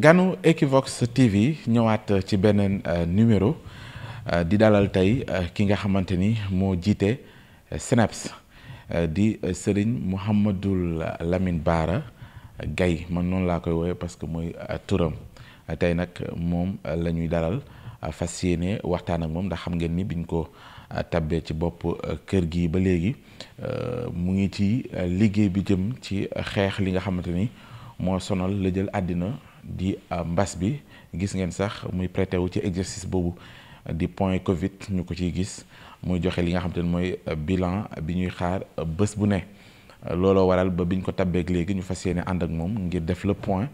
ganu Equivox TV ñëwaat euh, ci beneen euh, numéro euh, di dalal tey ki nga xamante ni moo jiite SNEIPS di Serigne Mouhamadul Lamine baara gay man noonu laa koy woowee parce que mooy turam tey nag moom la ñuy dalal fas yéene waxtaan ak moom ndax xam ngeen ni biñ ko tabbee ci bopp kër gi ba léegi mu ngi ci liggéey bi jëm ci xeex li nga xamante ni moo sonal la jël àddina di euh, mbas bi gis ngeen sax muy prêté wu ci exercice boobu di point Covid ñu ko ciy gis muy joxe li nga xam ne mooy euh, bilan bi ñuy xaar euh, bés bu ne looloo waral ba biñ ko tabbeeg léegi ñu fas yéene ànd ak moom ngir def le point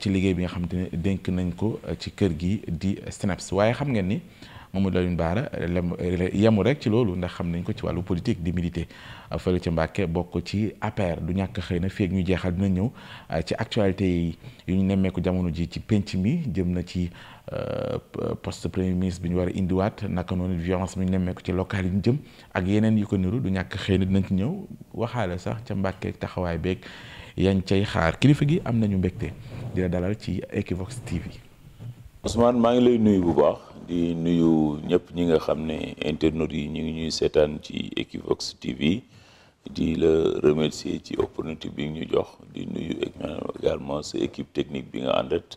ci liggéey bi nga xam ne dénk nañ ko ci kër gi di SNEIPS waaye xam ngeen ni. Mamadou Lamine Bara yemu rek ci loolu ndax xam nañ ko ci wàllu politique di militer fële ca Mbàkke bokk ci APR du ñàkk xëy na feeg ñu jeexal dina ñëw ah, ci actualité yu ñu nemmeeku jamono ji ci penc mi jëm na ci euh, poste premier ministre bi ñu war a indiwaat naka noonu violence nemmeeku ci local jëm ak yeneen yu ko du ñàkk xëy na dinañ ci ñëw waxaale sax ca Mbàkke taxawaay beeg yañ cay xaar kilifa gi am nañu mbégte dina dalal ci Equivox TV. Ousmane maa ngi lay nuyu bu baax. di nuyu ñëpp ñi nga xam ne internautes yi ñu ngi ñuy seetaan ci Equivox TV di la remercier ci opportunité bi ñu jox di nuyu également sa équipe technique bi nga àndat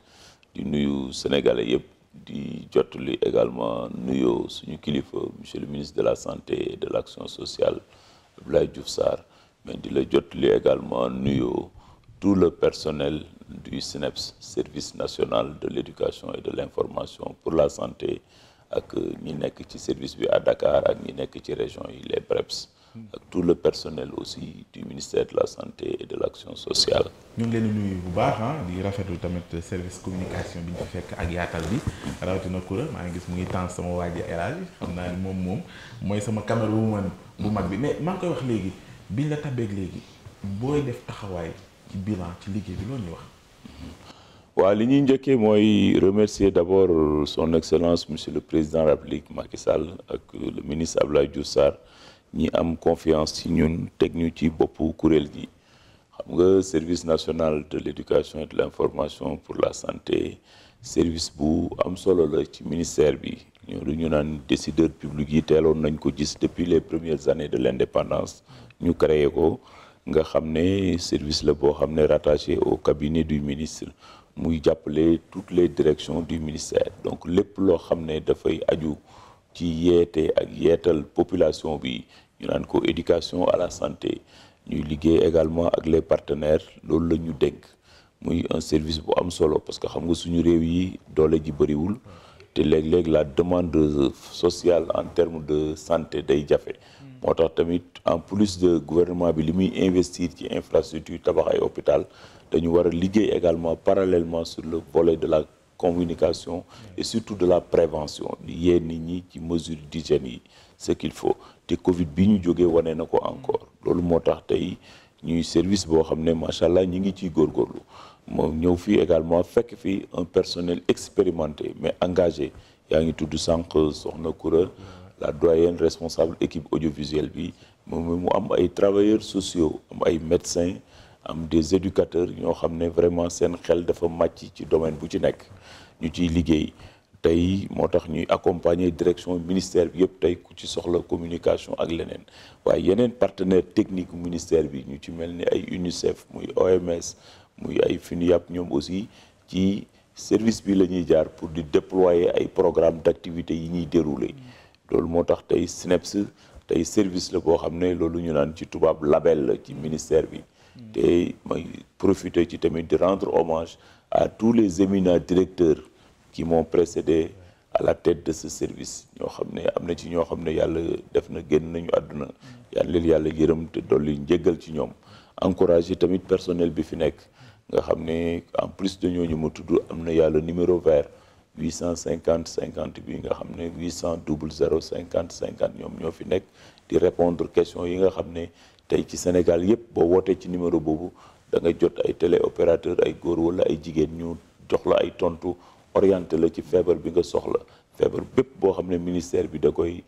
di nuyu sénégalais yëpp di jottali également nuyoo suñu kilifa monsieur le ministre de la santé et de l'action sociale Abdoulaye Diouf Sarr mais di la jottali également nuyu tout le personnel. du SNEIPS service national de l'éducation et de l'information pour la santé ak ñi nekk ci service bi à Dakar ak ñi nekk ci région yi les BREPS ak tout le personnel aussi du ministère de la santé et de l'action sociale. ñu ngi leen di nuyu bu baax am ah, di rafetlu tamit service communication bi ñu fi fekk ak yaatal bi rawatina Koura maa ngi gis mu ngi temps sama waa ji érage xam naa ni moom moom mooy sama caméra bu man bu mag bi mais maa ngi koy wax léegi biñ la tabeeg léegi booy def taxawaay ci ci liggéey bi loolu ñuy wax. waaw li ñuy njëkkee mooy remercier d'abord son excellence monsieur le président de la Sall ak le ministre Abdoulaye Diouf Sarr ñi am confiance ci ñun teg ñu ci boppu kuréel gi xam nga service national de l'éducation et de l'information pour la santé service bu am solo la ci ministère bi ñoo lu ñu naan décideurs publique yi teeloon nañ ko gis depuis les premières années de l'indépendance ñu créer ko nga xam ne service la boo xam ne rattaché au cabinet du ministre muy jàppale toutes les directions du ministère donc lépp loo xam ne dafay aju ci yeete ak yeetal population bi ñu naan ko éducation à la santé ñuy liggéey également ak les partenaires loolu la ñu dénk muy un service bu am solo parce que xam nga suñu réew yi doole ji bëriwul te léeg-léeg la demande sociale en termes de santé day jafe moo tax tamit en plus de gouvernement bi li muy investir ci infrastructure tabax ay hôpital dañu war a liggéey également parallèlement sur le volet de la communication et surtout de la prévention di yee nit ñi ci mesure d'hygiène yi ce il faut te Covid bi ñu jogee wane na ko encore loolu moo tax tey ñuy service boo xam ne macha allah ñi ngi ciy góorgóorlu moom ñëw fii également fekk fii un personnel expérimenté mais engagé yaa ngi tudd sànq soxna Koura la doyenne responsable équipe audiovisuelle bi moom mu am ay travailleurs sociaux am ay médecins am des éducateurs ñoo xam ne vraiment seen xel dafa màcc ci domaine bu ci nekk ñu ciy liggéey tey moo tax ñuy accompagner direction ministère bi yëpp tey ku ci soxla communication ak leneen waaye yeneen partenaire technique ministère bi ñu ci mel ni ay UNICEF muy OMS muy ay FINUAP ñoom aussi ci service bi la ñuy jaar pour di déployer ay programme d'activité yi ñuy dérouler loolu moo tax tey SNEIPS tey service la boo xam ne loolu ñu naan ci tubaab label la ci ministère bi te may profiter ci tamit di rendre hommage à tous les éminents directeurs qui m'ont précédé à la tête de ce service ñoo xam ne am na ci ñoo xam ne yàlla def na génn nañu àdduna yàlla leen yàlla yërëm te yi njéggal ci ñoom encourager tamit personnel bi fi nekk nga xam ne en plus de ñooñu mu tudd am na yàlla numéro vert huit cent cinquante cinquante bi nga xam ne huit cent double zéro cinquante cinquante ñoom ñoo fi nekk di répondre question yi nga xam ne tey ci Sénégal yépp boo wootee ci numéro boobu da nga jot ay téléopérateur ay góor wala ay jigéen ñu jox la ay tontu orienté la ci feebar bi nga soxla feebar bépp boo xam ne ministère bi da koy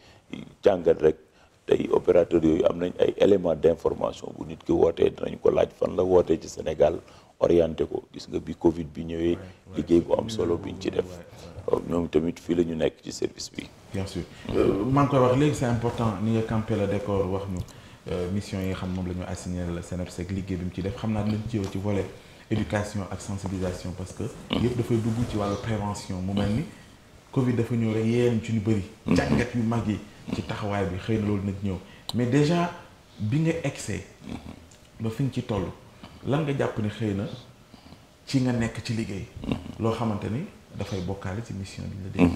jàngat rek tey opérateur yooyu am nañ ay éléments d'information bu nit ki wootee dinañ ko laaj fan la wootee ci Sénégal orienté ko gis nga bi Covid bi ñëwee liggéey bu am solo bi ñu ci def ñoom tamit fii la ñu nekk ci service bi. bien sûr euh, maa ngi koy wax léegi c'est important ni nga campé la décor wax ñu euh, mission yi nga xam moom la ñu assigné la CNEPS ak liggéey bi mu ci def xam naa dinañ ci yow ci ak sensibilisation parce que. Mm. yëpp dafay dugg ci wàllu prévention mu mel ni. Covid dafa ñëw rek yéen ci ñu bëri. Mm. jàngat yu mag yi. ci taxawaay bi xëy na loolu nag ñëw mais déjà bi nga egsee. Mm-hmm. ba fi ñu ci toll. lan nga jàpp ni xëy na ci nga nekk ci liggéey. loo xamante ni dafay bokkaale ci mission bi dégg.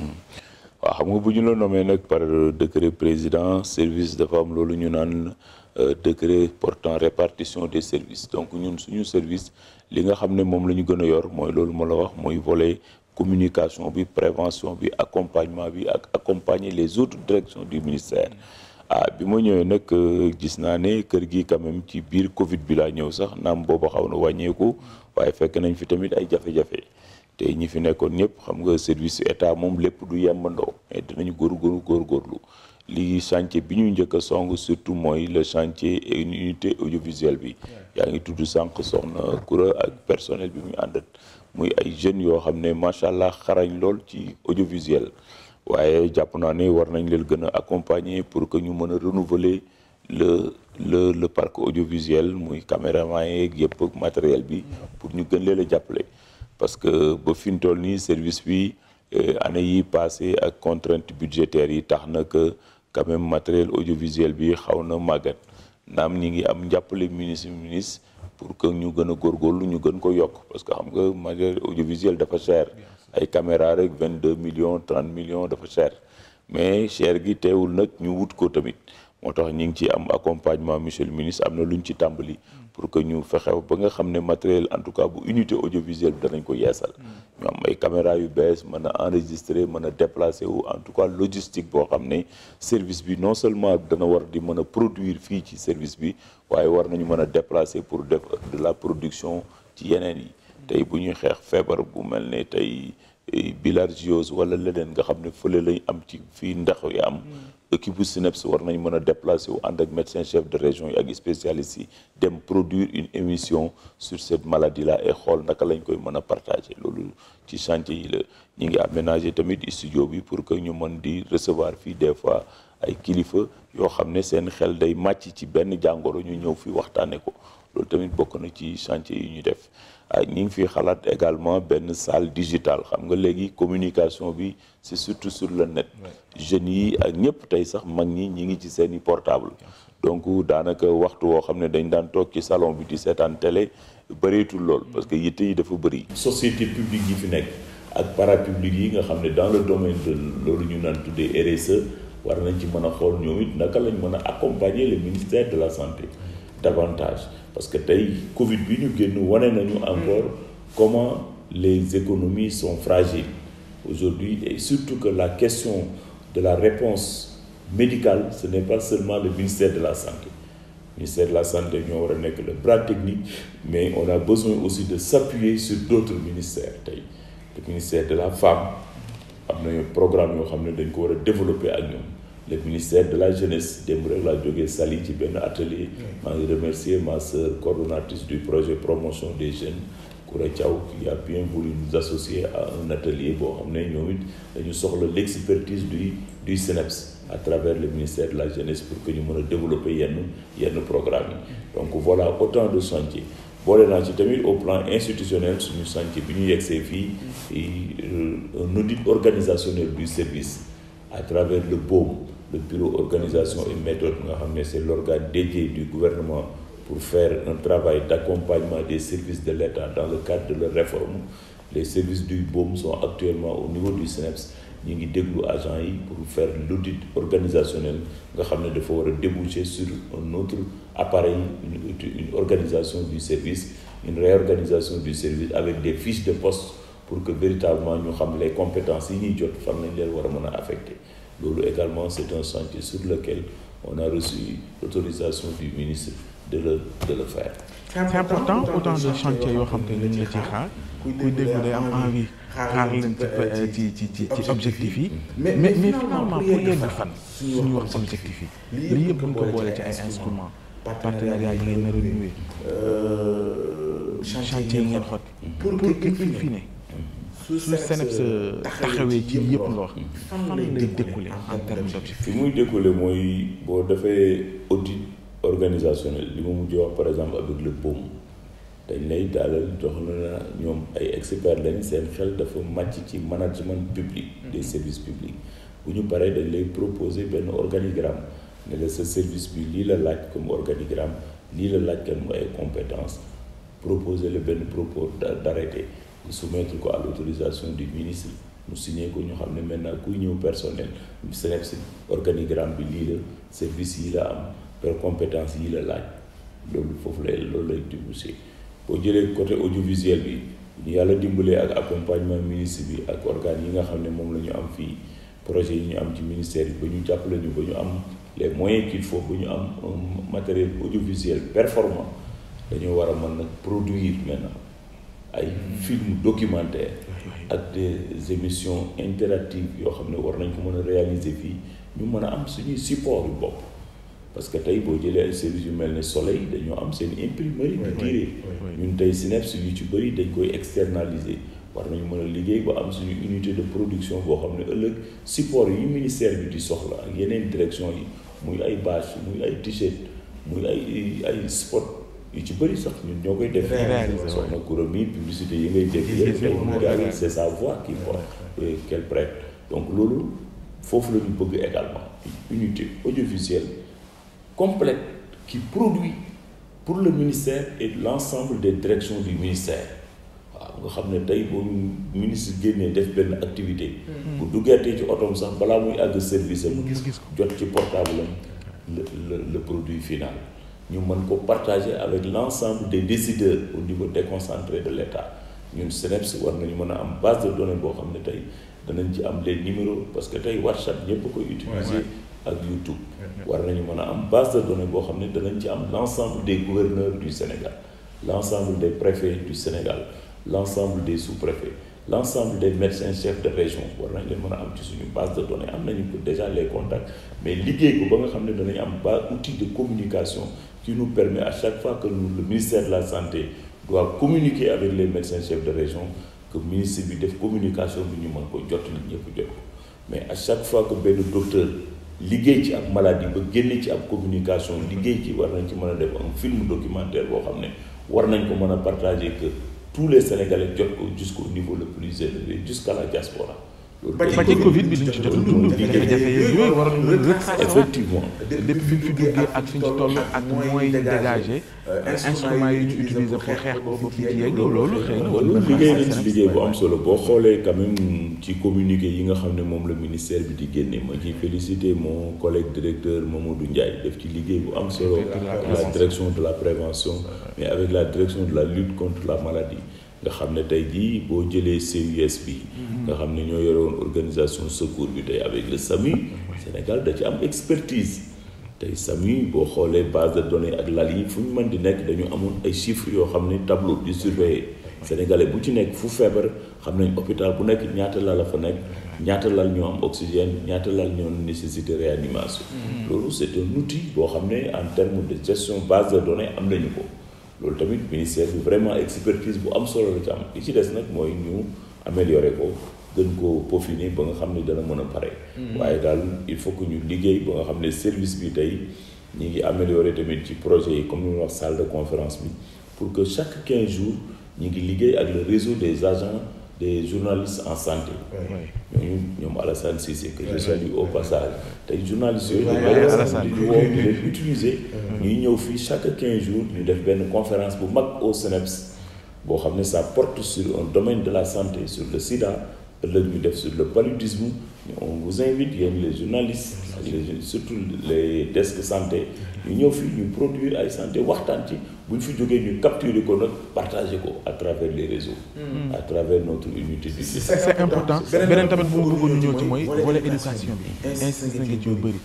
waaw xam nga bu ñu la nommé nag par euh, décret président service dafa am loolu ñu naan euh, décret portant répartition des services donc ñun suñu service li nga xam ne moom la ñu gën a yor mooy loolu ma la wax mooy volet. communication bi prévention bi accompagnement bi ak accompagner les autres directions du ministère ah bi ma ñëwee nag euh, gis naa ne kër gi quand même ci biir Covid bi laa ñëw sax naam booba xaw na wàññeeku waaye fekk nañ fi tamit ay jafe-jafe te ñi fi nekkoon ñëpp xam nga service état moom lépp du yembandoo mais góor góor góorlu lii chantier bi ñu njëkk a song surtout mooy le chantier et une unité audiovisuelle bi yaa ngi tudd sànq soxna Koura ak personnel bi muy àndat muy ay jeunes yoo xam ne macha allah xarañ lool ci audiovisuel waaye jàpp naa ne war nañ leen gën a accompagner pour que ñu mën a renouveler le le le parc audiovisuel muy caméraman yeeg yëpp matériel bi pour ñu gën leen a jàppale parce que ba fi mu toll nii service bi euh, année yi passé ak contrainte budgétaire yi tax na que quand même matériel audiovisuel bi xaw na màggat naam ñi ngi am njàppale ministre ministre pour que ñu gën a góorgóorlu ñu gën ko yokk parce que xam nga matériel audiovisuel dafa cher ay caméra rek vingt deux millions trente millions dafa cher mais cher gi teewul nag ñu wut ko tamit moo tax ñu ngi ci am accompagnement monsieur le ministre am na lu ñu ci tàmbali. pour que ñu fexew ba nga xam ne matériel en tout cas bu unité audiovisuelle bi danañ ko yeesal. ñu am ay caméra yu bees mën a enregistrer mën a déplacer wu en tout cas logistique boo xam ne service bi non seulement dana war di mën a produire fii ci service bi waaye war nañu mën a déplacer pour def de la production ci yeneen yi. tey bu ñuy xeex feebar bu mel ne tey eh, bilharziose wala leneen nga xam ne fële lañ am ci fii ndax yi am mm. équipe bu SNEIPS war nañ mën a déplacé wu ànd ak médecin chef de région yi ak spécialistes yi dem produire une émission sur cette maladie là et xool naka lañ koy mën a partager loolu ci chantier yi la ñi ngi aménager tamit studio bi pour que ñu mën di recevoir fii des fois ay kilifa yoo xam ne seen xel day màcc ci benn jàngoro ñu ñëw fi waxtaane ko loolu tamit bokk na ci chantier yi ñu def ñu ngi fi xalaat également benn salle digitale xam nga léegi communication bi c'est surtout sur le net jeunes yi ak ñëpp tey sax mag ñi ñi ngi ci seeni portable donc daanaka waxtu woo xam ne dañ daan toog ci salon bi di seetaan télé bëreetul lool parce que yitte yi dafa bëri société publique yi fi nekk ak parapublique yi nga xam ne dans le domaine de loolu ñu naan tuddee RSE war nañ ci mën a xool ñoom it naka lañ mën a accompagner le ministère de la santé davantage parce que tey Covid bi ñu génn wane nañu encore comment les économies sont fragiles aujourd'hui et surtout que la question de la réponse médicale ce n'est pas seulement le ministère de la santé le ministère de la santé ñoo war a nekk le bras technique mais on a besoin aussi de s'appuyer sur d'autres ministères tey le ministère de la femme am na programme yoo xam ne dañ ko war a développer ak ñoom le ministère de la jeunesse démb rek laa jógee Saly ci benn atelier maa ngi remercier ma du projet promotion des jeunes Koura Thiaw qui a bien voulu nous associer à un atelier boo xam ne ñoom it dañu soxla l'expertise du du CNEPS à travers le ministère de la jeunesse pour que ñu mën a développer yenn yenn programme yi donc voilà autant de chantiers boole naa ci tamit au plan institutionnel suñu chantier bi ñu yegsee fii mm. euh, un audit organisationnel du service à travers le BOM le bureau organisation et méthode nga xam ne c'est l'organe dédié du gouvernement pour faire un travail d'accompagnement des services de l'État dans le cadre de la réforme les services du BOM sont actuellement au niveau du SNEPS ñu ngi déglu agent yi pour faire l'audit organisationnel nga xam ne dafa war a déboucher sur un autre appareil une, organisation du service une réorganisation du service avec des fiches de poste pour que véritablement ñu xam les compétences yi ñuy jot fan lañ leen war a mën a affecté loolu également c'est un chantier sur lequel on a reçu l'autorisation du ministre de le de le faire. c'est important autant de chantier yoo xam te ne ñu la ci xaar kuy déglu day am envie xaar leen ci ci ci ci objectif yi. mais mais finalement pour yegg fan suñu wax objectif yi lii yëpp buñ ko boole ci ay instruments partenariat yi ngeen nar a renouer chantier yi ngeen xotti pour pour in fine su CNEPS euh, euh, taxawee ci yëpp nga wax fan lay découlé en terme d'objectif fi muy découlé mooy boo defee audit organisationnel li ma mujj wax par exemple avec le BOM dañ lay daalal jox na ñoom ay expert lañ seen xel dafa màcc ci management public hmm. des services publics bu ñu paree dañ lay proposer benn organigramme ne la sa service bi lii la laaj comme organigramme lii la laaj comme ay compétence proposer le benn propos d'arrêté su soumettre ko à l'autorisation du ministre mu signé ko ñu xam ne maintenant kuy ñëw personnel SNEIPS organigramme bi lii la service yi la am per compétence yi la laaj loolu foofu lay loolu lay débouché boo jëlee côté audiovisuel bi ñu yàlla dimbalee ak accompagnement ministre bi ak organes yi nga xam ne moom la ñu am fii projet yi ñu am ci ministère bi ba ñu jàppale ñu ba ñu am les moyens qu'il foofu ba ñu am matériel audiovisuel performant dañoo war a mën nag produire maintenant ay film documentaire ak des émissions interactives yoo xam ne war nañ ko mën a réaliser fii ñu mën a am suñuy support yu bopp parce que tey boo jëlee ay services yu mel ne soleil dañoo am seen imprimerie di tirer ñun tey Synapse yu ci bëri dañ koy externaliser war nañu mën a liggéey ba am suñu unité de production boo xam ne ëllëg support ñu ministère bi di soxla ak yeneen direction yi muy ay bâche muy ay t-shirt muy ay ay spot yu ci bëri sax ñun ñoo koy def soxna kuram yi publicité yi ngay dégg yëpp c'est sa voix qui porte qu'elle prête donc loolu foofu la ñu bëgg également unité audiovisuelle complète qui produit pour le ministère et l'ensemble des directions du ministère waaw nga xam ne tey boo ministre génnee def benn activité mm-hmm. bu duggaatee ci otom sax balaa muy àgg service am gis gis jot ci portable am le le le produit final ñu mën ko partager avec l'ensemble des décideurs au niveau déconcentré de l'État ñun SNEIPS war nañu mën a am base de données boo xam ne tey danañ ci am les numéros parce que tey WhatsApp ñëpp koy utiliser ak YouTube war nañu mën a am base de données boo xam ne danañ ci am l'ensemble des gouverneurs du Sénégal l'ensemble de préfets du Sénégal l'ensemble des sous-préfets l'ensemble de médecins chefs de région war nañ leen mën a am ci suñu base de données am nañu ko déjà les contacts mais liggéey ko ba nga xam ne danañ am ba outil de communication qui nous permet à chaque fois que nous, le ministère de la Santé doit communiquer avec les médecins chefs de région que ministre bi def communication bi ñu mën ko jot nit ñëpp jot ko mais à chaque fois que benn docteur liggéey ci ab maladie ba génne ci ab communication liggéey ci war nañ ci mën a def un film documentaire boo xam ne war nañ ko mën a partager que tous les Sénégalais jot ko jusqu'au niveau le plus élevé jusqu'à la diaspora ba ci Covid bi li ñu ci jot a dund jafe-jafe yooyu waroon nañu effectivement depuis fi ñu fi duggee ak fi ñu ci ak mooy dégagé euh, instruments yi ñu utiliser pour xeex ko fi ci yegg loolu xëy na wala liggéey nañ ci liggéey bu am solo boo xoolee quand même ci communiqué yi nga xam ne moom la ministère bi di génne ma ciy félicité mon collègue directeur Mamadou Ndiaye def ci liggéey bu am solo la direction de la prévention mais avec la direction de la lutte contre la maladie nga xam ne tey jii boo jëlee CUS bi mhm. nga xam ne ñoo yore woon organisation secours bi tey avec le SAMU Sénégal da ci am expertise tey SAMU boo xoolee base de données ak lal yi fu ñu mën di nekk dañu amoon ay chiffres yoo xam ne tableau di surveiller sénégalais bu ci nekk fu feebar xam nañ hôpital bu nekk ñaata lal la fa nekk ñaata lal ñoo am oxygène ñaata lal ñoo nécessité réanimation mhm. loolu c'est un outil boo xam ne en terme de gestion base de données nañu ko loolu tamit ministère bi vraiment expertise bu am solo la ci am li ci des nag mooy ñu améliorer ko gën ko peaufiner ba nga xam ne dana mën a pare. Hmm. waaye daal il faut que ñu liggéey ba nga xam ne service bi tey ñu ngi améliorer tamit ci projet yi comme ni wax salle de conférence bi pour que chaque quinze jours ñu ngi liggéey ak le réseau des agents. des journalistes en santé. ñooñu ñoom Alassane Cissé que je salue au passage tey journalistes yooyu dañu di woo di leen utiliser ñuy ñëw fii chaque quinze jours ñu def benn conférence bu mag au CNEPS boo xam ne sa porte sur un domaine de la santé sur le sida ëllëg ñu def sur le paludisme on vous invite yéen le journalistes les surtout le desk santé ñu ñëw fii ñu produire ay santé waxtaan ci bu ñu fi jógee ñu capturer ko nag partager ko à travers les réseaux hmm. à notre unité bi c'est important beneen tamit bu mu bëggoon ñu ñëw ci mooy volet éducation bi insisté nga ci yu bëri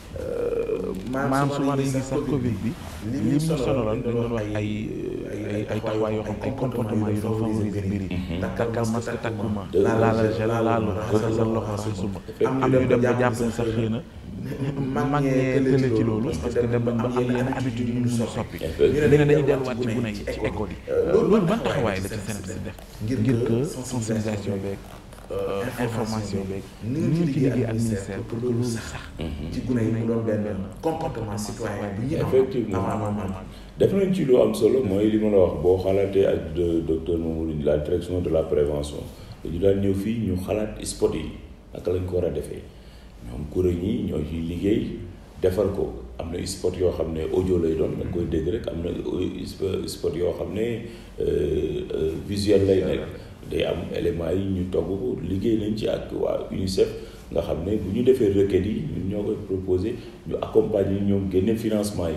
maanaam souvent dañuy gis sax Covid bi li mu sonaloon dañ doon wax ay ay ay taxawaay yoo xam ay comportement yu doon favoriser mbir yi. takkal masque takkuma laalal gel laalu raxas sa loxo raxasuma am ñu dem ba jàpp ne sax xëy mag ñee tële ci loolu parce que dem ba am yenn habitude yu ñu soppi léegi dañuy delluwaat ci gune yi ci école loolu ban taxawaay la ci CNEPS def ngir que sensibilisation beeg Euh, information beeg ni ñu ci liggéey ak ministère pour loolu sax ci gune yi mu doon benn effectivement def nañ ci lu am solo mooy li ma a wax boo xalaatee ak docteur Mamadou la direction de la prévention dañu daan ñëw fii ñu xalaat spot yi naka lañ ko war a defee ñoom kuréel yi ñoo ci liggéey defar ko am na spot yoo xam ne audio lay doon nga koy dégg rek am na spot yoo xam ne euh, euh, visuel lay nekk day am éléments yi ñu togg ko liggéey nañ ci ak waa UNICEF nga xam ne bu ñu defee requêtes yi ñun ñoo koy proposé ñu accompagner ñoom génne financement yi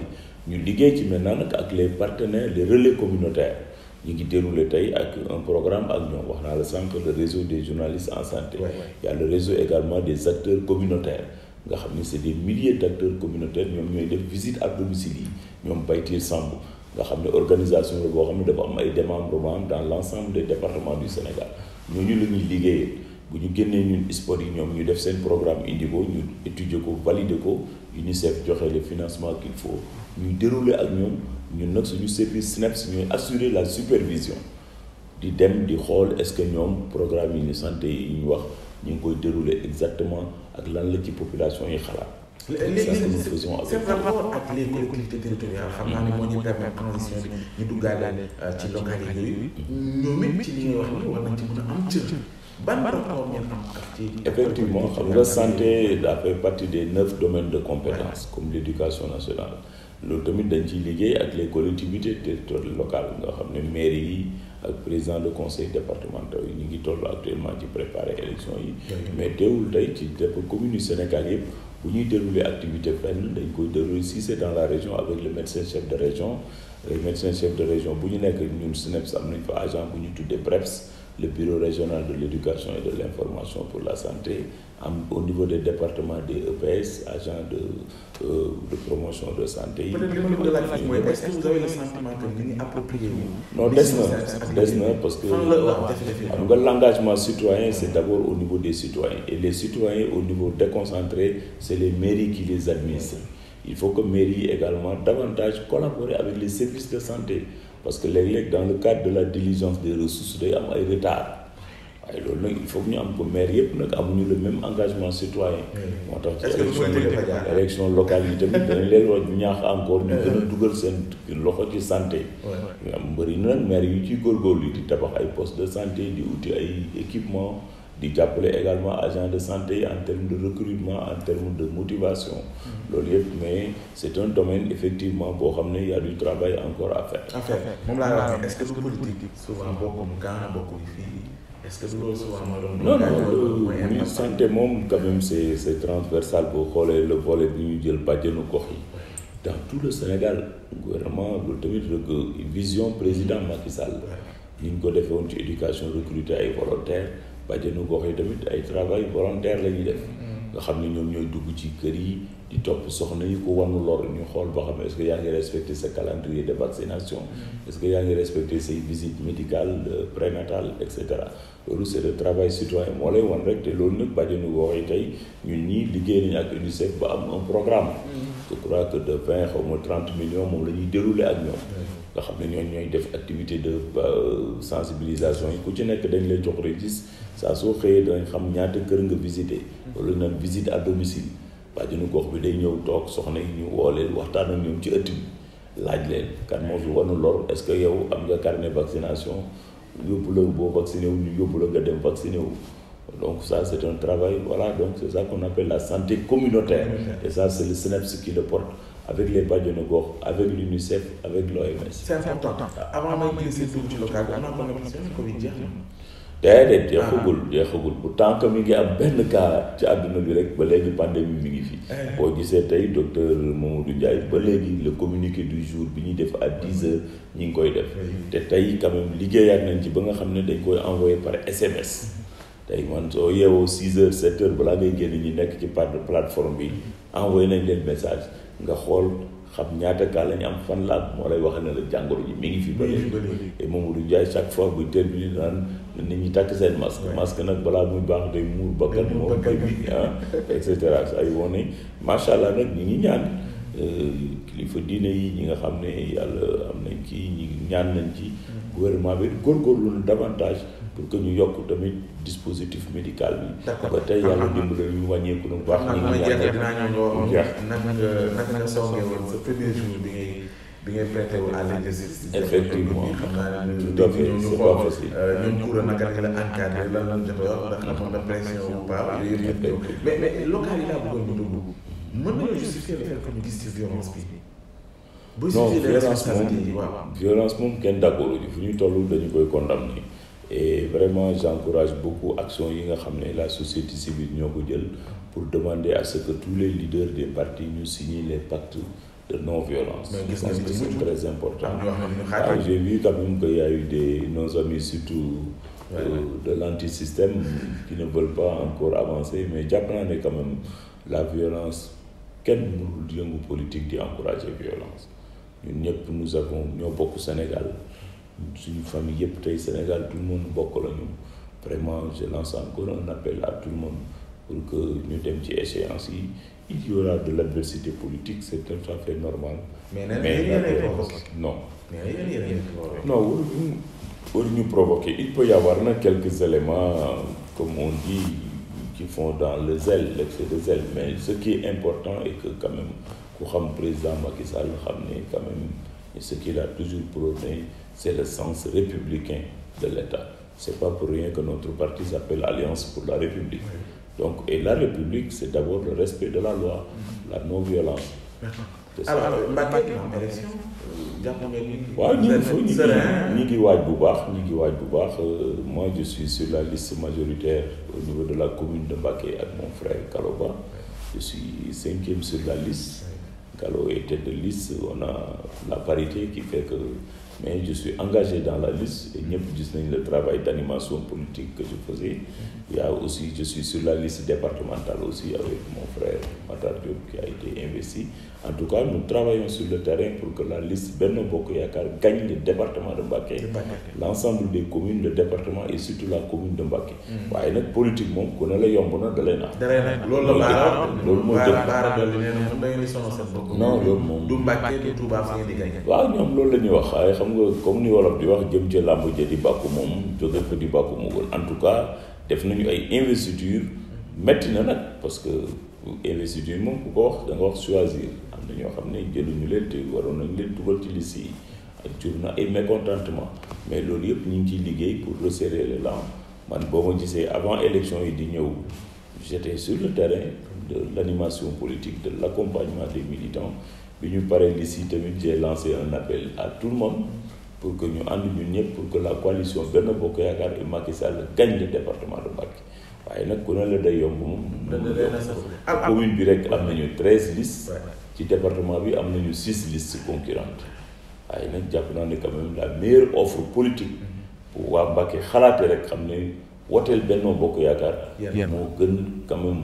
ñu liggéey ci maintenant nag ak les partenaires les relais communautaires ñu ngi déroulé tey ak un programme ak ñoom wax naa la sànq le réseau des journalistes en santé yàlla a le réseau également des acteurs communautaires nga xam ne c'est des milliers d'acteurs communautaires ñoom ñooy def visite à domicile y ñoom Baytir Samb nga xam ne organisation la boo xam ne dafa am ay démembrement dans l' ensemble département départements du Sénégal ñooñu la ñuy liggéeyee bu ñu génnee ñun sport yi ñoom ñu def seen programme indi ko ñu étudier ko valider ko UNICEF joxe le financement qu'il faut ñuy dérouler ak ñoom ñun nag suñu service SNEIPS ñooy assurer la supervision di dem di xool est-ce que ñoom programme yi ñu santé yi ñu wax ñu ngi koy dérouler exactement ak lan la ci population yi xalaat. li c'est par rapport ak les collectivités territoriales xam naa ne moo ñu permettre transition bi ñu duggaale ci ban rapport ci effectivement xam nga santé daa fait partie des neuf domaines de compétence comme l'éducation nationale loolu tamit dañ ciy liggéey ak les collectivités territoriales locales nga xam ne mairie yi ak président de conseil départemental yi ñu ngi toll actuellement ci préparer élection yi mais teewul tey ci def communes yu Sénégal yëpp bu ñuy dérouler activité fenn dañ koy dérouler si c'est dans la région avec le médecin chef de région le médecin chef de région bu ñu nekk ñun SNEIPS am nañ fa agent bu ñu tuddee BREPS le bureau régional de l'éducation et de l'information pour la santé am au niveau des départements de EPS agents de euh, de promotion de santé yi. peut-être li ma non des na des na parce que am nga l'engagement citoyen c'est d'abord au niveau des citoyens et les citoyens au niveau déconcentré c'est les mairies qui les administrent il faut que mairie également davantage collaborer avec les services de santé parce que léeg-léeg dans le cadre de la diligence des ressources day am ay retard waaye loolu nag il faut que ñu am ko maire yëpp nag amuñu le même engagement citoyen mm-hmm. moo tax ci élection locale yi tamit dañ leen war ñaax encore ñu gën a mm-hmm. dugal seen loxo ci santé am bëri na nag maire yu ciy góorgóorlu di tabax ay poste de santé di uti ay équipement di jàppale également agent de santé en termes de recrutement en termes de motivation mm-hmm. loolu yëpp mais c'est un domaine effectivement boo xam ne y a du travail encore à faire. à faire moom laa wax est-ce que loolu souvent moo moom quand même c'est c'est transversal boo xoolee le volet bi ñu jël bàjjenu gox yi dans tout le Sénégal gouvernement loolu tamit rek vision président Macky Sall ni ñu ko defee woon ci éducation recruter ay volontaires bàjjenu gox yi tamit ay travail volontaire la ñuy def. Mm-hmm. nga xam ne ñoom ñooy dugg ci kër yi. di topp soxna yi ko wanu lor ñu xool boo xam ne est-ce que yaa ngi respecté sa calendrier de vaccination mm-hmm. est-ce que yaa ngi respecté say visite médicale euh, prénatale et cetera loolu c'est le travail citoyen moo lay wan rek te loolu nag bàjjenu gox tey ñun ñii liggéey nañu ak am un programme mm-hmm. je que de vingt xaw ma trente millions moom la ñuy dérouler ak ñoom nga xam ne ñooñ ñooy def activité de euh, sensibilisation yi ku ci nekk dañ lay jox registre saa soo xëyee dañ xam ñaata kër nga visité wala mm-hmm. nag visite à bàjjenu gox bi day ñëw toog soxna yi ñu woo leen waxtaan ak ñoom ci ëtt bi laaj leen kan moo fi wanu lor est-ce que yow am nga carnet vaccination yóbbu la boo vacciné wu ñu yóbbu la nga dem vacciné wu donc ça c'est un travail voilà donc c'est ça qu'on appelle la santé communautaire et ça c'est le SNEIPS qui le porte avec les bàjjenu gox avec l'UNICEF avec l'OMS déedéet ah. jeexagul jeexagul pourtant que mi ngi am benn cas ci àdduna bi rek ba léegi pandémie mi ngi fi. Eh. boo gisee tey docteur du Ndiaye ba léegi le communiqué du jour bi ñuy def à dix heures ñi ngi koy def. te tey quand même liggéeyaat nañ ci ba nga xam ne dañ koy envoyé par SMS. Mm-hmm. tey man soo yeewoo six heures sept heures balaa ngay génn ñi nekk ci plateforme bi mm-hmm. envoyé nañ leen message nga xool. xam ñaata kaa la am fan la moo lay wax na la jàngoro ji mi ngi fi. bëri te Mamadou Ndiaye chaque fois buy teel bi na nit ñi takk seen masque. masque nag balaa muy baax day muur bakkan moo bëri ah et cetera ay wone macha allah nag ñi ngi ñaan euh, kilifa diine yi ñi nga xam ne yàlla am nañ ci ñi ñaan nañ ci. Mm. gouvernement bi góorgóorlu na davantage. pour que ñu yokk tamit dispositif médical bi. d'accord ba tey yàlla dimbali ñu wàññeeku na bu baax. ñu ngi ñaanal nga songee woon sa bi ngay bi ngay bu baax euh, yooyu yëpp ñëw mais mais local yi violence moom violence moom kenn fu ñu toll dañu koy condamner et vraiment j'encourage beaucoup action yi nga xam ne la société civile ñoo ko jël pour demander à ce que tous les leaders des partis ñu signent les pactes de non-violence. parce que c'est très important. ah j'ai vu quand même que y a amis surtout. Euh, de l'antisystème qui ne veulent pas encore avancer mais jàpp naa ne quand la violence kenn mënul yëngu politique di encourager violence ñun ñëpp nous avons ñoo bokk Sénégal. suñu famille yëpp tey Sénégal tout le monde bokk la ñu vraiment je lance encore un appel à tout le monde pour que ñu dem ci échéance yi il y aura de l'adversité politique c'est tout normal. mais nag yéen non. non waruñu waruñu provoquer il peut y avoir nag quelques éléments comme on dit qui font dans le zèle l'excès de zèle mais ce qui est important est que quand ku xam président Macky Sall xam ne quand même ce qu'il a toujours prôné. C'est le sens républicain de l'État. C'est pas pour rien que notre parti s'appelle Alliance pour la République. Donc, et la République, c'est d'abord le respect de la loi, la non-violence. alors alors Mbacke élection euh, jàpp ngeen ni. waaw ñu ngi foofu ñu ngi waaj bu baax ñu ngi waaj bu baax euh, moi je suis sur la liste majoritaire au niveau de la commune de Mbacke ak mon frère Kaloba je suis cinquième sur la liste Kalo est de liste on a la parité qui fait que. mais je suis engagé dans la liste et ñëpp gis nañ le travail d'animation politique que je faisais il a aussi je suis sur la liste départementale aussi avec mon frère Matar qui a été investi En tout cas, nous travaillons sur le terrain pour que la liste Benno Bokoyakar gagne le département de Mbaké, l'ensemble des communes, le département et surtout la commune de Mbaké. Mm. waaye nag la yomb na dalee na. dalee na loolu la baara loolu moo jëm baara dolli nee na da ngeen waaw ñoom loolu la ñuy wax waaye xam nga comme ni wolof di wax jëm jël la ja di bàkku moom jóge fa di bàkku mugul en tout cas def nañu ay investiture mm. metti na nag parce que investiture moom ku ko wax da nga wax choisir. am na ñoo xam ne jëluñu leen te waroon nañ leen dugal ci liste yi ak jur na ay mécontentement mais loolu yëpp ñu ngi ciy liggéey pour resserrer les rangs man boo gisee avant élection yi di ñëw j'étais sur le terrain de l'animation politique de l'accompagnement des militants bi ñu paree liste yi tamit j'ai lancé un appel à tout le monde pour que ñu ànd ñu ñëpp pour que la coalition Benno Bokk Yaakaar et Macky Sall gagne le département de Mbacké waaye nag ku ne la day yomb moom. commune bi rek am nañu treize listes. ci département bi am nañu six listes concurrentes waaye nag jàpp naa ne quand même la meilleure offre politique pour waa Mbàkke xalaatee rek xam ne woteel Benno Bokk Yaakaar moo gën quand même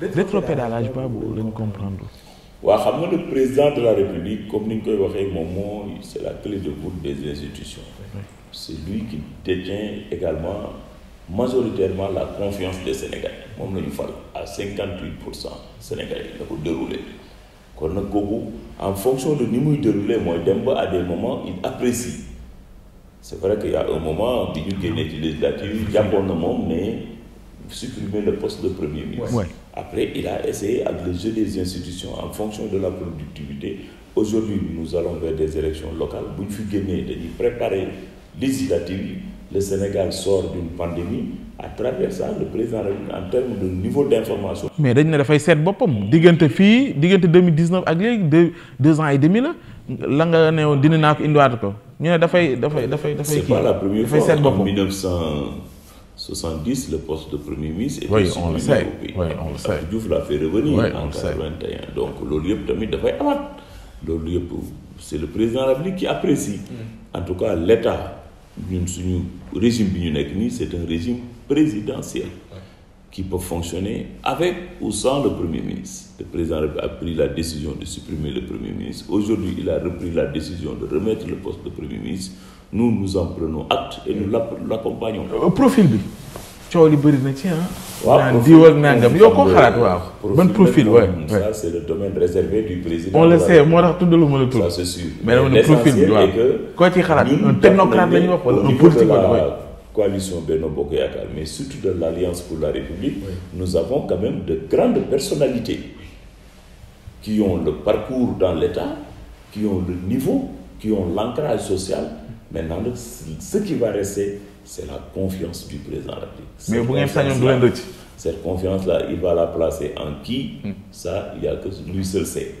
rétropédalage boobu lañ comprendre. waa xam nga le président de la république comme ni ñu koy waxee moom moo c'est la clé de voûte des institutions. c'est lui qui détient également majoritairement la confiance des Sénégalais moom la ñu fal à cinquante huit pour cent Sénégalais na ko déroulé. kon nag kooku en fonction de ni muy déroulé mooy dem ba à des moments il apprécie c'est vrai que y a un moment bi ñu génnee ci législative jàppoon na moom ne supprimer le poste de premier ministre. Après, il a essayé avec le jeu des institutions en fonction de la productivité. Aujourd'hui, nous allons vers des élections locales. Vous Guinée, de préparer législative. Le Sénégal sort du pandémie. À travers ça, le président en termes de niveau d'information. mais dañ ne dafay seet boppam diggante fii diggante 2019 ak léegi deux deux ans et demi la la nga ne woon dina naa ko indiwaat ko ñu ne dafay dafay dafay. dafay kii dafay seet boppam 70, le poste de Premier ministre était oui, on le sait. Oui, on le sait. Diouf l'a fait revenir oui, en 81. loolu yëpp tamit dafay amaat loolu yëpp c'est le président de la République qui apprécie. Mm. En tout cas, l'État ñun suñu régime bi ñu nekk nii c'est un régime présidentiel qui peut fonctionner avec ou sans le Premier ministre. Le président a pris la décision de supprimer le Premier ministre. Aujourd'hui, il a repris la décision de remettre le poste de Premier ministre. nous nous en prenons acte et nous l'accompagnons. Euh, profil bi coow li bëri na ci ah. waaw profil nangam yoo ko xalaat waaw. ban profil waay ça c' est le domaine réservé du président. on le sait moo tax tuddalu ma la tudd. ça c' est sûr mais nag profil bi waaw koo ci xalaat un technocrate la ñuy wax wala un politique la coalition Benno Bokk Yaakaar mais surtout de l'Alliance pour la République oui. nous avons quand même de grandes personnalités qui ont le parcours dans l'État qui ont le niveau qui ont l'ancrage social maintenant nag ce qui va rester c' est la confiance du président la République. mais bu ngeen sañoon du leen cette confiance là il va la placer en qui hmm. ça il y a que lui seul sait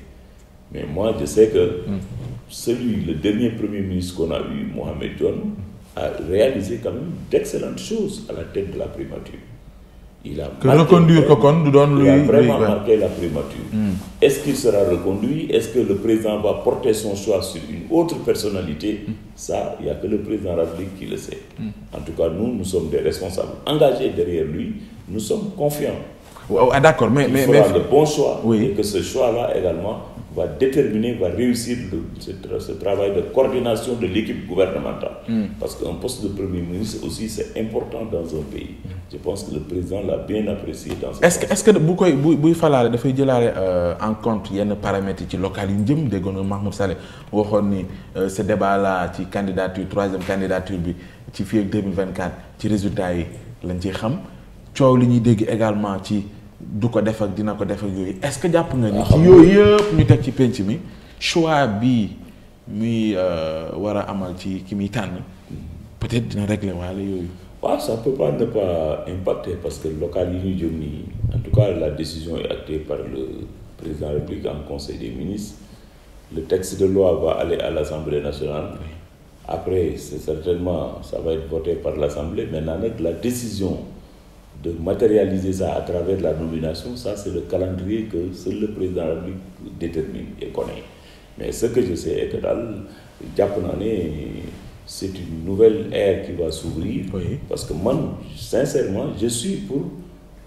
mais moi je sais que hmm. celui le dernier premier ministre qu'on a eu Mohamed Dionne a réalisé quand même d'excellentes choses à la tête de la primature il a reconduire ko du doon luy. il a hmm. est-ce qu'il sera reconduit est-ce que le président va porter son choix sur une autre personnalité. Hmm. ça que le président de la qui le sait. Hmm. en tout cas nous nous sommes des responsables engagés derrière lui nous sommes confiants. waaw ah, d'accord il fera le bon choix. et que ce choix-là également. va déterminer, va réussir le, ce, ce, travail de coordination de l'équipe gouvernementale. Mm. Parce qu'un poste de Premier ministre aussi, c'est important dans un pays. Je pense que l'a bien apprécié dans ce est que, est-ce que bu koy bu buy falaale dafay jëlaale euh, en contre yenn paramètres yi ci local yi jëm déggoon nga Mahmoud Saleh waxoon ni euh, ce débat là ci candidature troisième candidature bi ci fi fii ak 2024 ci résultat yi lañ ciy xam coow li ñuy dégg également ci du ko def dina ko def ak yooyu est-ce que jàpp nga ni ah, ci yooyu yëpp ñu teg ci penc mi choix bii muy euh, war a amal ci ki muy tànn peut-être dina régler waale yooyu waa ça peut pas ne pas impacter parce que local yi ñu jëm en tout cas la décision est actée par le président de la République en conseil des ministres le texte de loi va aller à l'Assemblée nationale après c'est certainement ça va être voté par l'Assemblée maintenant nag la décision de matérialiser ça à travers la nomination, ça c'est le calendrier que seul le président de la République détermine et connaît. Mais ce que je sais est que daal jàpp naa ne c'est une nouvelle ère qui va s'ouvrir parce que man sincèrement je suis pour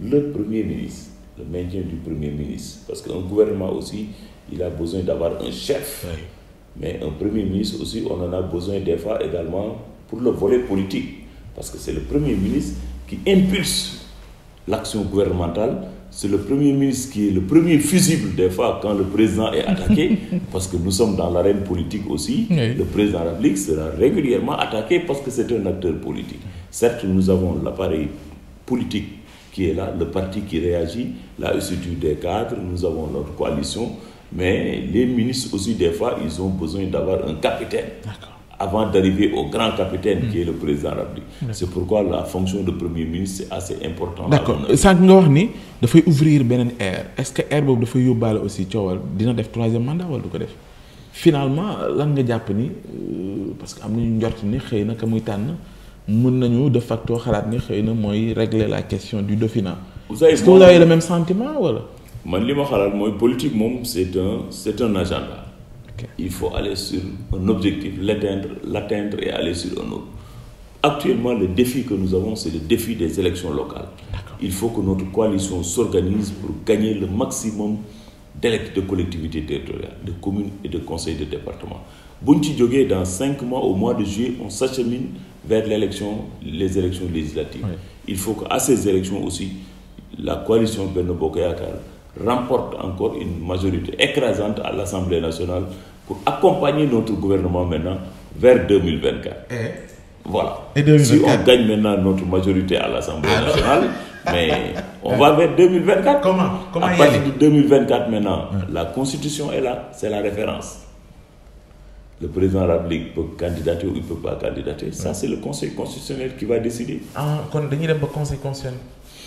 le premier ministre le maintien du premier ministre parce que un gouvernement aussi il a besoin d'avoir un chef oui. mais un premier ministre aussi on en a besoin des fois également pour le volet politique parce que c'est le premier ministre qui impulse l'action gouvernementale. C'est le Premier ministre qui est le premier fusible des fois quand le président est attaqué, parce que nous sommes dans l'arène politique aussi. Oui. Le président de la République sera régulièrement attaqué parce que c'est un acteur politique. Certes, nous avons l'appareil politique qui est là, le parti qui réagit, la structure des cadres, nous avons notre coalition, mais les ministres aussi, des fois, ils ont besoin d'avoir un capitaine. avant d'arriver au grand capitaine mmh. qui est le président Rabdi c'est pourquoi la fonction de premier ministre c'est assez important d'accord sànq nga wax aussi coowal dina def troisième mandat wala du ko def finalement lan nga jàpp ni euh, parce que am nañu njort ni xëy na muy tànn mën nañu de facto xalaat ni xëy na mooy régler la question du Dauphinat est-ce que vous wala man li ma xalaat mooy politique moom c'est un c'est un agenda Il faut aller sur un objectif, l'atteindre, l'atteindre et aller sur un autre. Actuellement, le défi que nous avons, c'est le défi des élections locales. Il faut que notre coalition s'organise pour gagner le maximum d'électes de collectivités territoriales, de communes et de conseils de département. ci Djogé, dans cinq mois, au mois de juillet, on s'achemine vers l'élection, les élections législatives. Oui. Il faut que à ces élections aussi, la coalition Bernobokayakar remporte encore une majorité écrasante à l'Assemblée nationale pour accompagner notre gouvernement maintenant vers 2024. Et eh. voilà. Et 2024. Si on gagne maintenant notre majorité à l'Assemblée ah nationale, mais on va vers 2024. Comment, Comment À partir de 2024 maintenant, hum. la constitution est là, c'est la référence. Le président de la République peut candidater ou il ne peut pas candidater. Hum. Ça, c'est le Conseil constitutionnel qui va décider. Ah, quand le Conseil constitutionnel.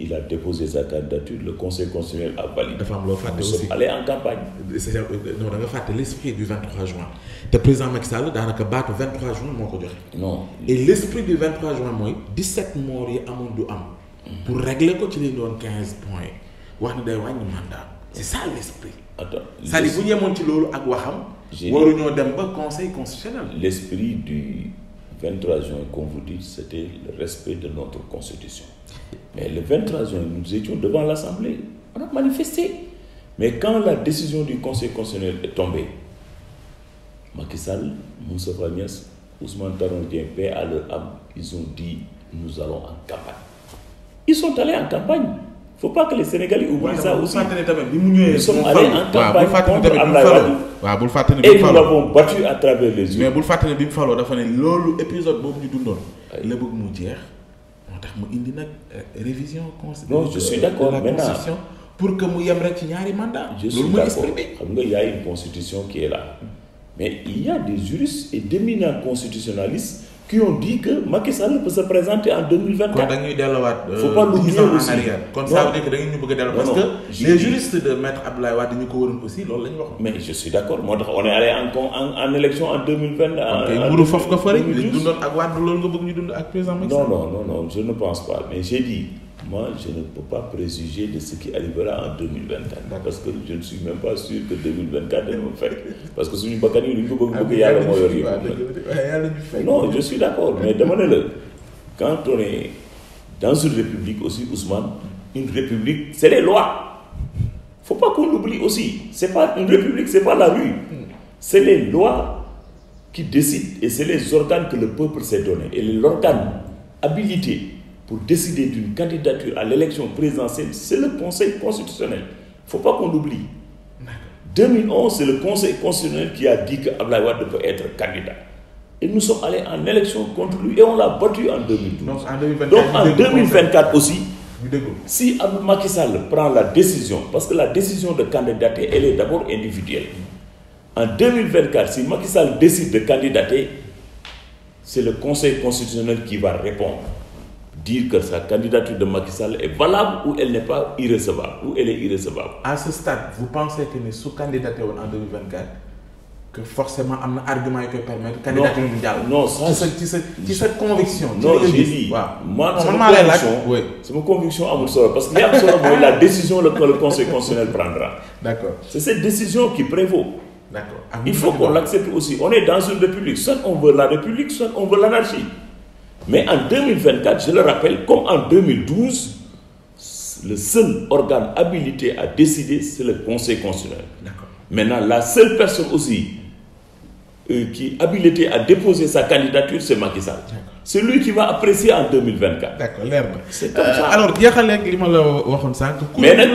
il a déposé sa candidature le conseil constitutionnel a validé. dafa am loo fàtte aussi aller en campagne. Euh, non da l'esprit du juin te président Macky Sall daanaka baatu 23 juin moo ko joxe. non et l'esprit du 23 juin mooy 17 morts yi amoon du am. pour régler ko ci li ñu doon 15 points yi wax ni day wàññi mandat c'est ça l'esprit. attends cest bu ñu ci loolu ak waxam. waruñoo dem ba conseil constitutionnel. l'esprit du 23 juin comme vous dites c'était le respect de notre Mais le 23 juin, nous étions devant l'Assemblée. On a manifesté. Mais quand la décision du Conseil constitutionnel est tombée, Macky Sall, Moussa Niass, Ousmane Taron paix à leur âme, ils ont dit nous allons en campagne. Ils sont allés en campagne. Il ne faut pas que les Sénégalais oublient ça aussi. Ils sont allés en campagne contre Ablaï waaw bul fàttali ne bi mu faloo et nous l'avons battu à travers les yeux. mais bul fàttali ne bi mu faloo dafa ne loolu épisode boobu ñu dundoon la mu jeex. tax mu indi nag euh, révision constitution non je suis d'accord de pour que mu yem rek ci ñaari mandat je suis d'accord xam nga y a une constitution qui est là mais il y a des juristes et d'éminents constitutionnalistes ki ont dit que Macky Sall peut se présenter en 2024. Quand il euh, faut pas l'oublier aussi. Comme ça veut dire que nous pouvons Parce non, que les juristes de Maître Abdoulaye Wade nous courent aussi. Mais je suis d'accord. On est allé en, en, en élection en 2020. Okay. En, en 2012. Non, non, non, non, je ne pense pas. Mais j'ai dit moi, je ne peux pas préjuger de ce qui arrivera en Parce que je ne suis même pas sûr que parce que suñu bakkan yi lu ñu ko bëgg bëgg yàlla moo yor yëpp. Ah, non je suis d'accord mais dama ne la quand on est dans une république aussi Ousmane une république c'est les lois. faut pas qu'on l'oublie aussi c'est pas une république c'est pas la rue c'est les lois qui décident et c'est les organes que le peuple s'est donné et l'organe habilité pour décider d'une candidature à l'élection présidentielle, c'est le Conseil constitutionnel. Il ne faut pas qu'on l'oublie. 2011, c'est le Conseil constitutionnel qui a dit qu'Ablaï Wade peut être candidat. Et nous sommes allés en élection contre lui et on l'a battu en 2012. Donc en 2024, aussi, si Macky Sall prend la décision, parce que la décision de candidater, elle est d'abord individuelle. En 2024, si Macky Sall décide de candidater, c'est le Conseil constitutionnel qui va répondre. dire que sa candidature de Macky Sall est valable ou elle n'est pas irrecevable ou elle est irrecevable. À ce stade vous pensez que ni su candidaté woon en 2024 que forcément am na argument yu koy permettre. candidature bi jàll non non ci sa ci conviction. non j'ai dit man sama conviction sama conviction amul solo parce que li am solo mooy la décision la que le conseil constitutionnel prendra. décision qui prévaut. il faut qu'on l'accepte aussi on est dans une république soit Mais en 2024, je le rappelle, comme en 2012, le seul organe habilité à décider, c'est le Conseil constitutionnel. Maintenant, la seule personne aussi euh, qui est habilitée à déposer sa candidature, c'est Macky Sall. C'est lui qui va apprécier en 2024. D'accord, leer C'est comme euh, ça. Alors, jeexalee ak li ma la waxoon sànq. mais nag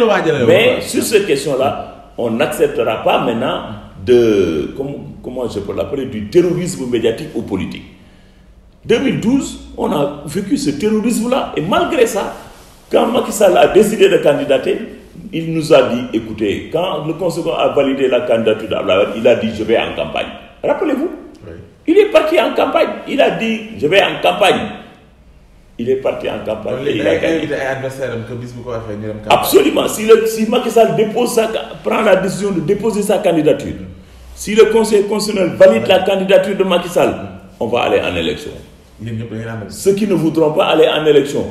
mais sur ces questions-là, on n'acceptera pas maintenant de comme comment je peux l'appeler du terrorisme médiatique ou politique. 2012, on a vécu ce terrorisme-là. Et malgré ça, quand Macky Sall a décidé de candidater, il nous a dit, écoutez, quand le Conseil a validé la candidature d'Ablaouad, il a dit, je vais en campagne. Rappelez-vous, il est parti en campagne. Il a dit, je vais en campagne. Il est parti en campagne. Et il a gagné. Absolument. Si, le, si Macky dépose sa, prend la décision de déposer sa candidature, si le Conseil constitutionnel valide la candidature de Macky on va aller en élection. yéen ñëpp da ngeen ànd ceux qui ne voudront pas aller en élection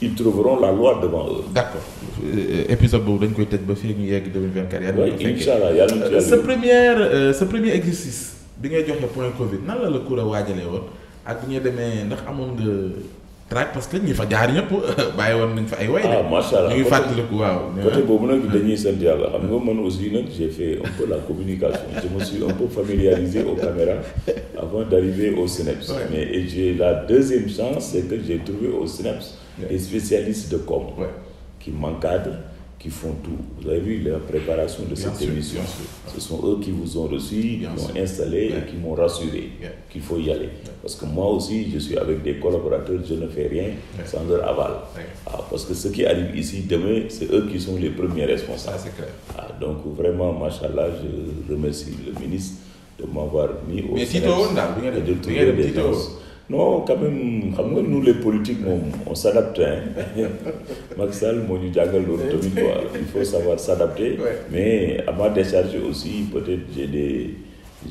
ils trouveront la loi devant eux. d' accord euh, épisode boobu dañ koy tëj ba fii ñu yegg 2024 yàlla nañu ko fekkee incha allah sa euh, première euh, sa premier exercice bi ngay joxe point Covid nan la la cour a waajalee woon ak bi ñuy demee ndax amoon nga. track parce que ñi fa jaar ñëpp bàyyi woon nañ fa ay way ah macha allah ñu ngi fàttaliku waaw. côté boobu nag hmm. dañuy sant yàlla xam nga man aussi nag j'ai fait un peu la communication je me suis peu familiarisé aux caméras avant d'arriver au CNEPS. mais et j'ai la deuxième chance c'est que j'ai trouvé au CNEPS. des spécialistes de com. ki qui qui font tout. Vous avez vu la préparation de bien cette sûr, émission. Ce sont eux qui vous ont reçu, qui m'ont installé bien. et qui m'ont rassuré qu'il faut y aller. Parce que moi aussi, je suis avec des collaborateurs, je ne fais rien sans leur aval. Ah, parce que ce qui arrive ici demain, c'est eux qui sont les premiers responsables. Ah, donc vraiment, machallah, je remercie le ministre de m'avoir mis au Mais Tito Honda, de trouver des non quand même xam nga nous les politiques moom on s'adapte hein Macky Sall moo ñu jàngal loolu tamit quoi il faut savoir s'adapter ouais. mais à ma décharge aussi peut-être j'ai des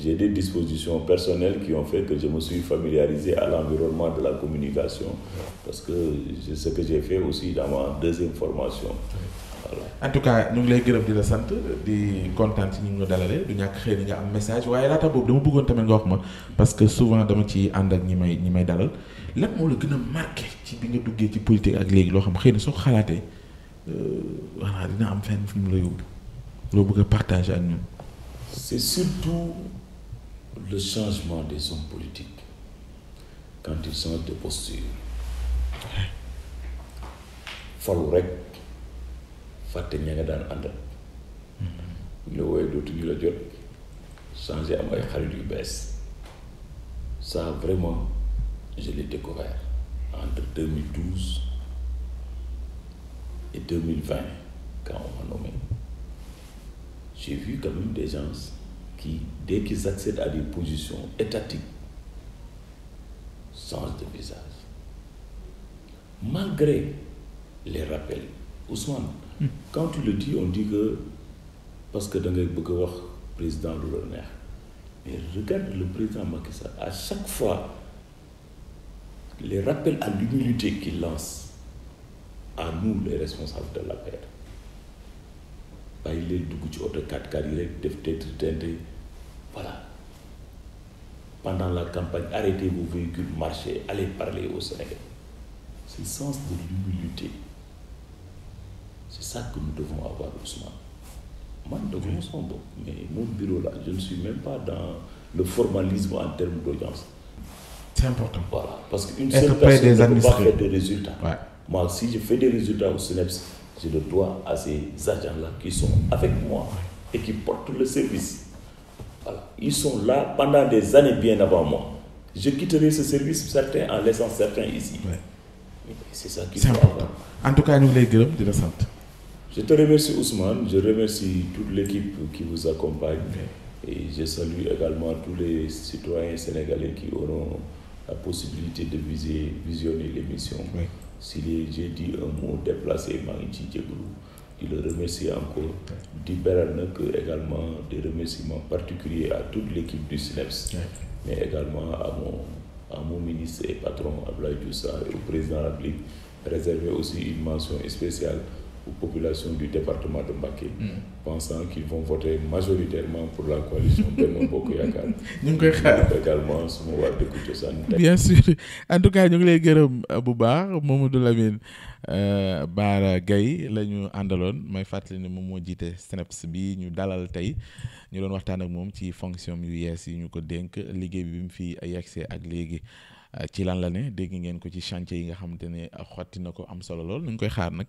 j'ai des dispositions personnelles qui ont fait que je me suis familiarisé à de la communication parce que c'est ce que j'ai fait aussi dans ma deuxième en tout cas ñu ngi lay gërëm di la sant di kontaan ci ñu nga dalalee du ñàkk xëy na nga am message waaye laata boobu dama bëggoon tamit nga wax ma parce que souvent dama ci ànd ak ñi may ñi may dalal lan moo la gën a marqué ci bi nga duggee ci politique ak léegi loo xam xëy na soo xalaatee euh, voilà dina am fenn fu mu la yóbbu loo bëgg a ak ñun. c'est surtout le changement des some politiques quand ils changent de falu rek. fàtte ña nga daan àndal hmm. ñu la wooyee dootuñu la jot changé am ay xarit yu bees ça vraiment je l'ai découvert entre deux mille douze et deux mille vingt quand on m'a nommé j'ai vu quand même des gens qui dès qu'ils accèdent de visage malgré les rappels Ousmane quand tu le di on dit que parce que da bëgg a wax président lu la neex mais regarde le président Macky Sall à chaque fois les rappels à l'humilité qu'il lance à nous les responsables de la paix bàyyi leen dugg ci oto 4x4 yi rek def tête tente voilà pendant la campagne arrêtez vos véhicules marchez allez parler au Sénégal c'est sens de l'humilité C'est ça que nous devons avoir, Ousmane. Moi, nous mon bureau là, je ne suis même pas dans le formalisme en termes d'audience. C'est parce qu'une seule personne des ne peut si je fais des résultats au SNEPS, je le dois à ces agents-là qui sont avec moi et qui portent le service. Voilà. Ils sont là pendant des années bien avant moi. Je quitterai ce service certains en laissant certains ici. Ouais. C'est ça qui En tout cas, nous les gërëm di la sant. Je te remercie Ousmane, je remercie toute l'équipe qui vous accompagne et je salue également tous les citoyens sénégalais qui auront la possibilité de viser, visionner l'émission. Oui. Si j'ai dit un mot déplacé, maa ngi ci jégalu di le remercier encore di beral nag également des remerciements particuliers à toute l'équipe du SNEPS. Oui. mais également à mon à mon ministre et patron Abdoulaye Diouf Sarr au président de la aussi une mention spéciale aux populations du département de Mbacké. Hmm. pensant qu'ils vont voter majoritairement pour la coalition Benno Bokk Yaakaar. ñu ngi koy xaar bien sûr en tout cas ñu ngi lay gërëm bu baax Mamadou Lamine euh, Bara Gaye la lañu àndaloon may fàttali ne moom moo jiite SNEIPS bi ñu dalal tey ñu doon waxtaan ak moom ci fonction yu yees yi ñu ko dénk liggéey bi bi mu fi yegsee ak léegi. Euh, ci lan la ne dégg ngeen ko ci chantier yi nga xamante ne euh, xotti na ko am solo lool nu ngi koy xaar nag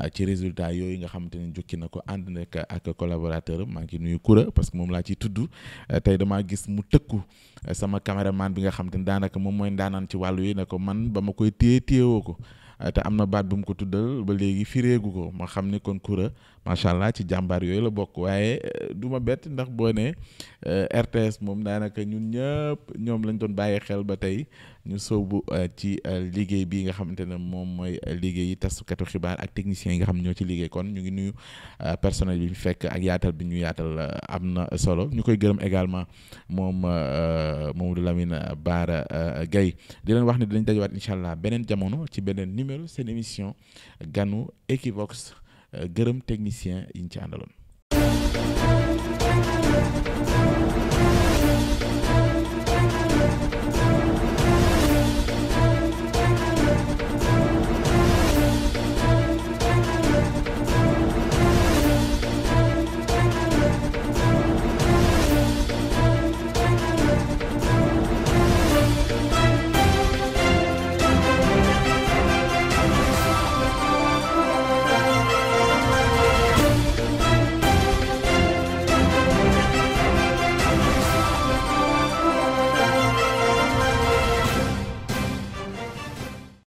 euh, ci résultat yooyu nga xamante ne jukki na ko ànd nag ak collaborateur am maa ngi nuyu Koura parce que moom laa ciy tey damaa gis mu tëkku sama caméraman bi nga xamante ne daanaka moom mooy ndaanaan ci wàllu yi ne ko man ba ma koy téye téyewoo ko te am na baat bu ko tuddal ba léegi fireegu ko ma xam ne kon Koura macha allah ci jàmbaar yooyu la bokk waaye du ma bett ndax boo ne RTS moom daanaka ñun ñëpp ñoom lañ doon bàyyi xel ba tey ñu sóobu euh, ci euh, liggéey bi nga xamante ne moom mooy liggéey yi xibaar ak techniciens yi nga xam ñoo ci liggéey kon ñu ngi nuyu euh, personnel bi ñu fekk ak yaatal bi ñu yaatal am na solo ñu koy gërëm également moom Mamadou Lamine Bara Gaye di leen wax ne dinañ dajawaat incha allah beneen jamono ci beneen numéro seen émission ganu Equivox gërëm technicien yi ñu ci àndaloon.